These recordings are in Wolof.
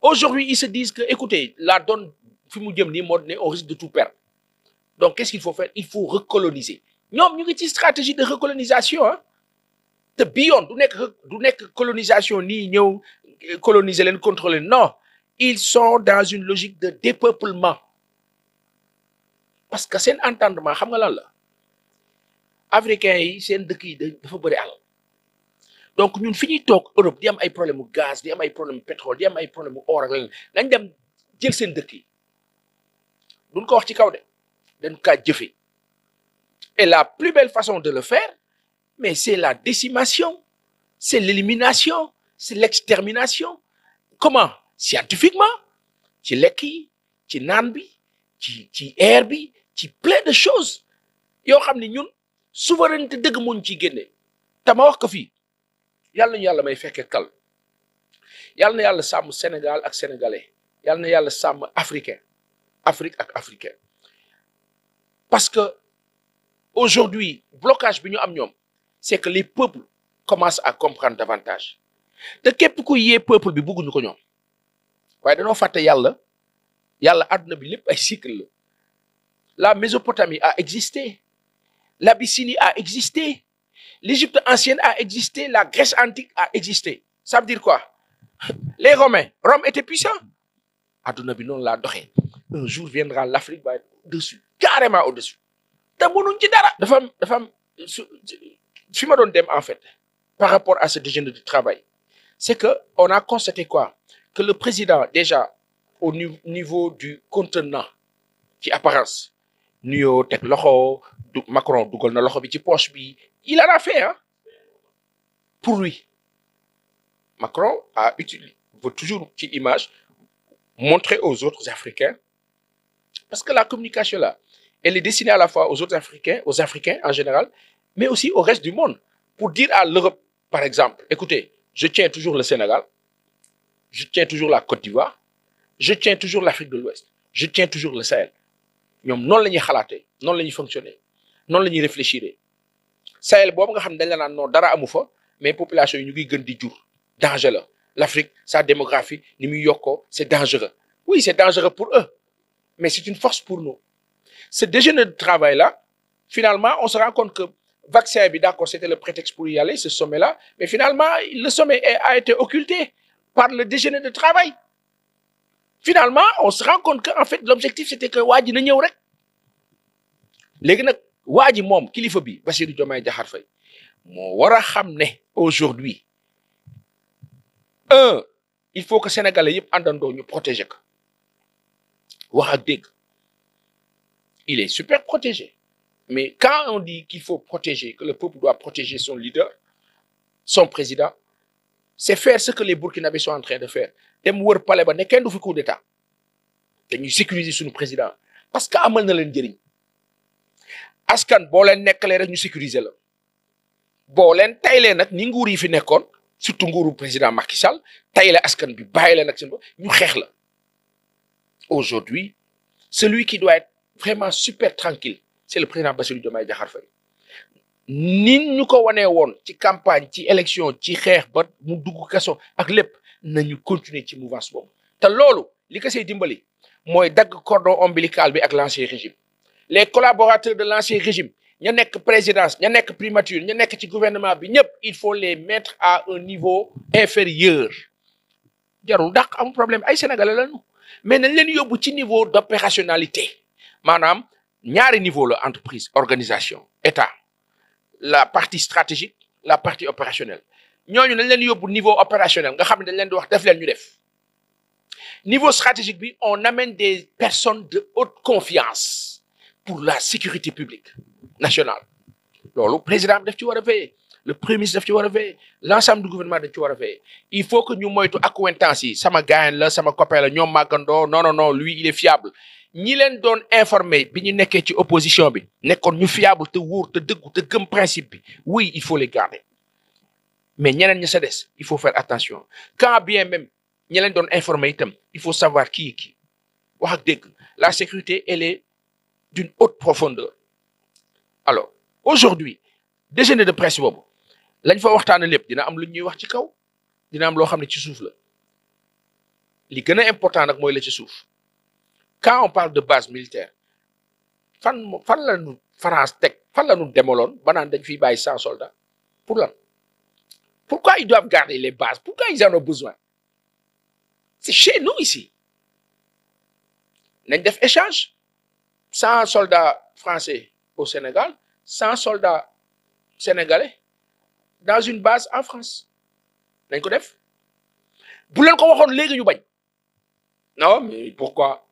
Aujourd'hui, ils se disent que, écoutez, la donne, on risque de tout perdre. Donc, qu'est-ce qu'il faut faire Il faut recoloniser. Non, il y a une stratégie de recolonisation. Hein? De beyond, d'une colonisation, ni euh, coloniser, ni contrôler. Non, ils sont dans une logique de dépeuplement. Parce que c'est un entendement, vous savez Africains, c'est un pays qui est donc ñun fi ñuy toog Europe di am ay problème mu gaz di am ay problème mu pétrole di am ay problème mu or ak leneen dem jël seen dëkk yi duñ ko wax ci kaw de dañ kaa jëfee et la plus belle façon de le faire mais c'est la décimation c'est l'élimination c'est l'extermination comment scientifiquement ci lekk yi ci naan bi ci ci air bi ci plein de choses yoo xam ne ñun souveraineté dëgg muñ ci génne te ma wax ko fii yàlla na yàlla may fekkee kal yàlla na yàlla sàmm Sénégal ak sénégalais yàlla na yàlla sàmm africain Afrique ak africain parce que aujourd'hui blocage bi ñu am ñoom c'est que les peuples commencent à comprendre davantage te képp ku yee peuple bi bëgguñu ko ñoom waaye dañoo fàtte yàlla yàlla àdduna bi lépp ay cycle la la Mésopotamie a existé l'Abyssinie a existé l'Égypte ancienne a existé, la Grèce antique a existé. Ça veut dire quoi les Romains Rome était puissant adduna bi noonu laa doxee un jour viendra l'Afrique ba au-dessus carrément au-dessus te mënuñ dara. dafa am dafa am su fi ma doon dem en fait par rapport à ce déjeuner du travail c'est que on a constaté quoi que le président déjà au niveau du contenant ci apparence nuyoo teg loxo du Macron dugal na loxo bi ci poche bi Il en a fait, hein, pour lui. Macron a utilisé, veut toujours une image, montrer aux autres Africains, parce que la communication là, elle est destinée à la fois aux Africains, en général, mais aussi au reste du monde, pour dire à l'Europe, par exemple, écoutez, je tiens toujours le Sénégal, je tiens toujours la Côte d'Ivoire, je tiens toujours l'Afrique de l'Ouest, je tiens toujours le Sahel. ñoom noonu la ñuy xalaatee noonu la ñuy fonctionner noonu la ñuy réfléchir Sahel boobu nga xam ne dañ la naan dara amu fa mais population yi ñu ngi gën di jur danger la l'Afrique sa démographie ni muy yokkoo c'est dangereux oui c'est dangereux pour eux mais c'est une force pour nous ce déjeuner de travail là finalement on se rend compte que vaccin bi d'accord c'était le prétexte pour y aller ce sommet là mais finalement le sommet a été occulté par le déjeuner de travail finalement on se rend compte que en fait l'objectif c'était que waa ji na ñëw rek waa ji moom kilifa bi Bassirou Diomaye Diakhar Faye moo war a xam ne aujourd'hui un il faut que sénégalais yëpp àndandoo ñu protéger ko ak dégg il est super mais quand on dit qu'il faut protéger que le peuple doit protéger son leader son président c'est faire ce que les burkinabés sont en train de faire dem wër palais ba ne kenn du fi coup d'état dañuy sécuriser suñu président parce que amal na leen njëriñ askan boo leen nekkalee rek ñu sécuriser la boo leen taylee nag ni nguur yi fi nekkoon surtout nguuru président Macky Sall tayle askan bi bàyyi leen ak seen bopp ñu xeex la aujourd'hui celui qui doit être vraiment super tranquille c'est le président Bassirou Diomaye Diakhar Faye nit ñu ko wanee woon ci campagne ci élection ci xeex ba mu dugg kaso ak lépp ñu continuer ci mouvance boobu te loolu li ko say dimbali mooy dagg cordon ombilical bi ak l'ancien les collaborateurs de l'ancien régime ña nekk présidence ña nekk primature ña nekk ci gouvernement bi ñëpp il faut les mettre à un niveau inférieur jarul dàq am problème ay sénégalais lañu mais nañ leen yóbbu ci niveau d'opérationnalité maanaam ñaari niveau la entreprise organisation état la partie stratégique la partie opérationnelle ñooñu nañ leen yóbbu niveau opérationnel nga xam ne dañ leen di wax def leen ñu def niveau stratégique bi on amène des personnes de haute pour la sécurité publique nationale loolu président bi ci war a le premier ministre daf ci war a veiller du gouvernement daf ci war a il faut que ñu moytu accointance yi sama gaayen la sama copain la ñoom màggandoo non non lui il est fiable ñi leen doon informé bi ñu nekkee ci opposition bi nekkoon ñu fiable te wóor te dëggu te gëm principe bi oui il faut les garder mais ñeneen ñi sa des il faut faire attention quand bien même ñi leen doon informé itam il faut savoir d'une haute profondeur alors aujourd'hui déjeuner de presse boobu lañ fa waxtaane lépp dina am lu ñuy wax ci kaw dina am loo xam ne ci suuf la li gën a important nag mooy la ci suuf quand on parle de base militaire fan fan la ñu France teg fan la ñu demoloon ba naan dañ fiy bàyyi cent soldats pour lan pourquoi ils doivent garder les bases pourquoi ils en ont besoin c'est chez nous ici nañ def échange cent soldats français au Sénégal cent soldats sénégalais dans une base en France dañ ko def bu leen ko waxoon léegi ñu bañ non mais pourquoi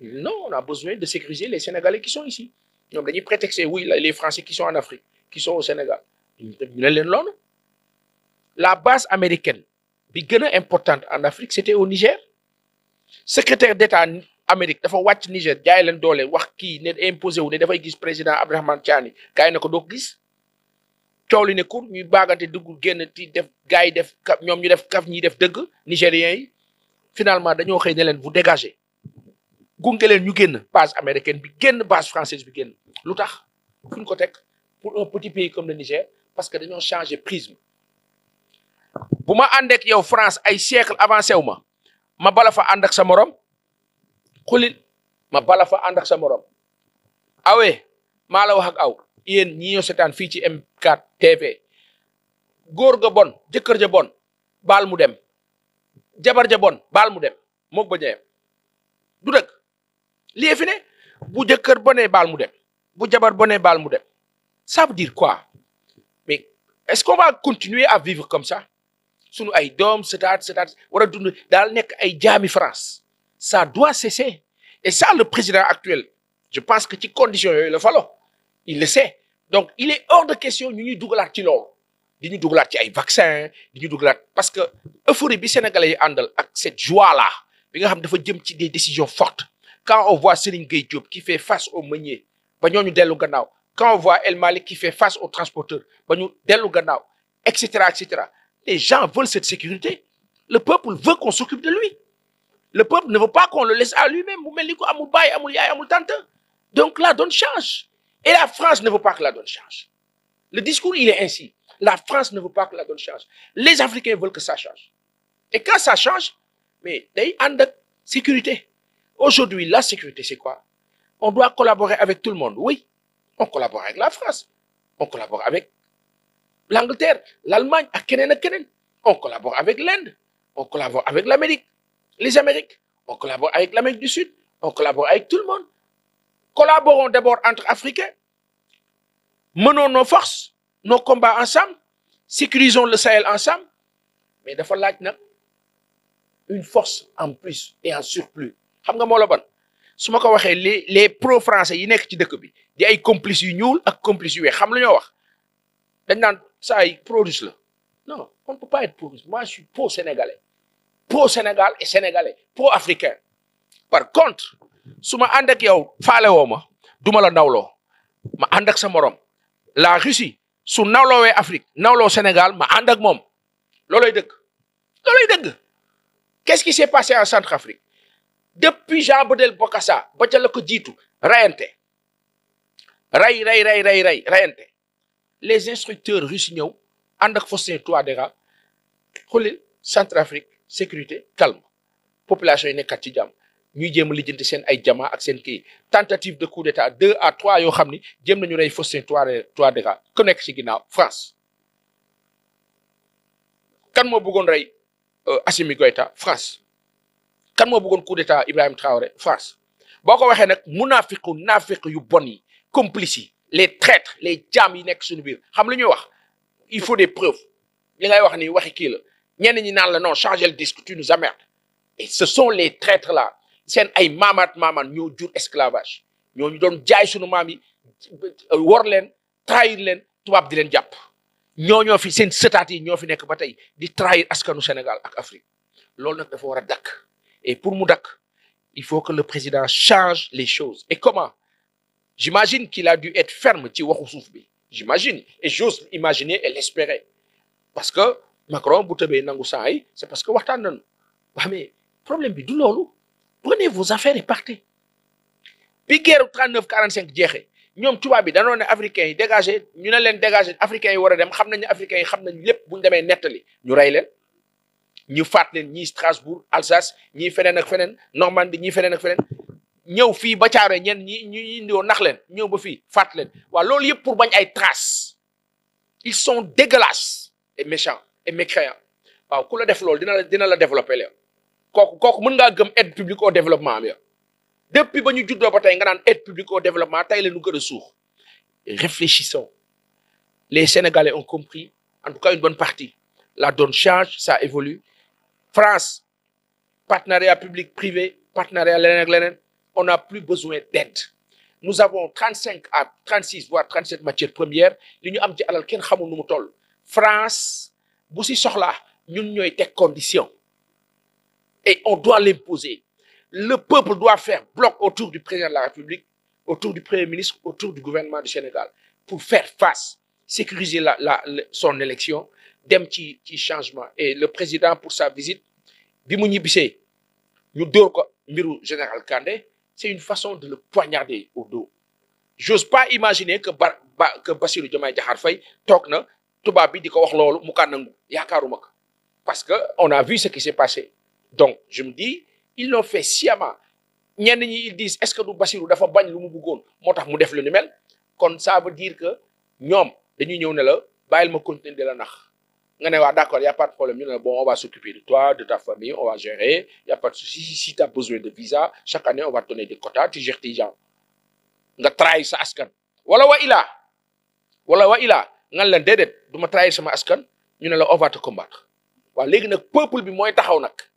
non on a besoin de sécuriser les Sénégalais qui sont ici ñoom dañuy prétexter oui les Français qui sont en Afrique qui sont au Sénégal leen loolu la base américaine bi gën a importante en Afrique c'était au Niger secrétaire d'État Amérique dafa wàcc Niger jaay leen doole wax kii ne imposé wu ne dafay gis président Abdourahmane Tiani gars yi ne ko doo gis coow li ne kur ñuy baagante dugg génn ti def gars yi def ñoom ñu def kaf ñi def dëgg nigériens yi finalement dañoo xëy ne leen vous dégagez gunge leen ñu génn base américaine bi génn base française bi génn lu tax fu ñu ko teg pour un petit pays comme le Niger parce que dañoo changé prisme bu ma àndeek yow France ay siècle avancé wu ma ma bala fa ànd ak sa morom xulil ma bala fa ànd ak sa moroom awe maa la wax aw yéen ñi ñoo seetaan fii ci M4 ga bon jëkkër ja bon baal mu dem jabar ja bon baal mu dem mook ba ñëwem du dëgg lii bu jëkkër bone baal mu dem bu jabar bone baal mu dem ça veut dire quoi mais est-ce qu'on continuer à vivre comme ça sunu ay doom setaat setaat war a daal nekk ay jaami France ça doit cesser et ça le président actuel je pense que ci condition yooyu la falo il le sait donc il est hors de question ñu ñuy dugalaat ci loolu di ñu dugalaat ci ay vaccin di ñu dugalaat parce que euphorie bi sénégalais yi àndal ak cette joie là bi nga xam dafa jëm ci des décisions fortes quand on voit Serigne Gueye Diop qui fait face aux meuniers ba ñooñu dellu gannaaw quand on voit El Malick qui fait face aux transporteurs ba ñu dellu gannaaw et cetera et cetera les gens veulent cette sécurité le peuple veut le peuple ne veut pas qu'on le laisse à lui-même mu mel ni ko amul baay amul yaay amul tante donc la donne change et la France ne veut pas que la donne change le discours il est ainsi la France ne veut pas que la donne change les Africains veulent que ça change et quand ça change mais day ànd ak sécurité aujourd'hui la sécurité c'est quoi on doit collaborer avec tout le monde oui on collabore avec la France on collabore avec l'Angleterre l'Allemagne ak keneen ak keneen on collabore avec l'Inde on collabore avec l'Amérique les Amériques, on collabore avec l'Amérique du Sud, on collabore avec tout le monde. Collaborons d'abord entre Africains, menons nos forces, nos combats ensemble, sécurisons le Sahel ensemble, mais dafa laaj nag une force en plus et en surplus xam nga moo la bon su ma ko waxee les les pro-français yi nekk ci dëkk bi di ay complices yu ñuul ak complices yu weex xam la ñoo wax dañ naan saa ay pro-russe la non on ne peut pas être pro-russe moi je suis pro-sénégalais pro-Sénégal et sénégalais pro-africain par contre su ma ànd ak faale woo ma du mala la nawloo ma ànd sa morom la Russie su nawloowee Afrique nawloo Sénégal ma ànd ak moom looloy dëgg looloy dëgg qu'est-ce qui s'est passé en Centrafrique depuis Jean Bédel Bokassa ba ca la ko jiitu rayante ray ray ray ray ray les instructeurs russes ñëw ànd ak Faustin Touadéra xulil Centrafrique sécurité calme population yi nekkat ci jàmm ñuy jëm a seen ay jamaa ak seen kii tentative de coup d'état deux à trois yoo xam ni jëm nañu rey Faustin Touadéra dégâts ku nekk ci ginnaaw France kan moo bëggoon rey euh, Assimi Goïta France kan moo bëggoon coup d'état Ibrahima Traoré France boo ko waxee nag munaafiqu naafiq yu bon yi yi les traîtres les jam yi nekk suñu biir xam lu ñuy wax il faut des preuves li ngay wax ni waxi kii ñenn ñi naan la non changer le disque tu nous emmerdes et ce sont les traîtres là seen ay maamaat maamaan ñoo jur esclavage ñoo ñu doon jaay sunu maam yi wor leen trahir leen tubaab di leen jàpp ñoo ñoo fi seen sëtaat yi ñoo fi nekk ba tey di trahir askanu Sénégal ak Afrique loolu nag dafa war a dakk et pour mu dakk il faut que le président change les choses et comment j'imagine qu'il a dû être ferme ci waxu suuf bi j'imagine et j'ose imaginer et l'espérer parce que Macron bu tëbee nangu saa yi c'est parce que waxtaan nañu waa mais problème bi du loolu prenez vos affaires et partez bi guerre 39 45 jeexee ñoom tubaab bi danoo ne africains yi dégagé ñu ne leen dégagé africains yi war a dem xam nañu africains yi xam nañu lépp bu ñu demee nettali ñu rey leen ñu faat leen ñii Strasbourg Alsace ñii feneen ak feneen Normandie ñii feneen ak feneen ñëw fii ba caaree ñenn ñi ñu indiwoon nax leen ñëw ba fii faat leen waaw loolu yëpp pour bañ ay traces ils sont dégueulasses et et mécréant waaw ku la def loolu dina la dina la développé la kooku kooku mën ngaa gëm aide publique au développement bi depuis ba ñu juddoo ba tey nga naan aide publique au développement tey la ñu gën a suux réfléchissons les Sénégalais ont compris en tout cas une bonne partie la donne change ça évolue France partenariat public privé partenariat leneen ak leneen on n'a plus besoin d'aide nous avons trente cinq à trente six voire trente sept matières premières li ñu am ci alal kenn xamul mu toll bu si soxlaa ñun ñooy teg condition et on doit l'imposer le peuple doit faire bloc autour du président de la République autour du premier ministre autour du gouvernement du Sénégal pour faire face sécuriser la la son élection dem ci ci changement et le président pour sa visite bi mu ñibbisee ñu dóor ko mbiru général Kandé c'est une façon de le poignarder au dos j'ose pas imaginer que ba que Bassirou Diomaye toog na tubaab bi di ko wax loolu mu kaa nangu yaakaaruma ko parce que on a vu ce qui s'est passé donc je me dis ils l'ont fait sciemment ñenn ñi ils disent est-ce que du Bassirou dafa bañ lu mu bëggoon moo tax mu def lu ni mel kon ça veut dire que ñoom dañuy ñëw ne la bàyyil ma continuer di la nax nga ne wax d'accord y a pas de problème ñu ne la bon on va s'occuper de toi de ta famille on va gérer y a pas de souci si tu as besoin de visa chaque année on va te donner des quotas tu gères tes sa askan wala ngan leen déedéet du ma trahir sama askan ñu ne la on va te waaw léegi nag peuple bi mooy taxaw nag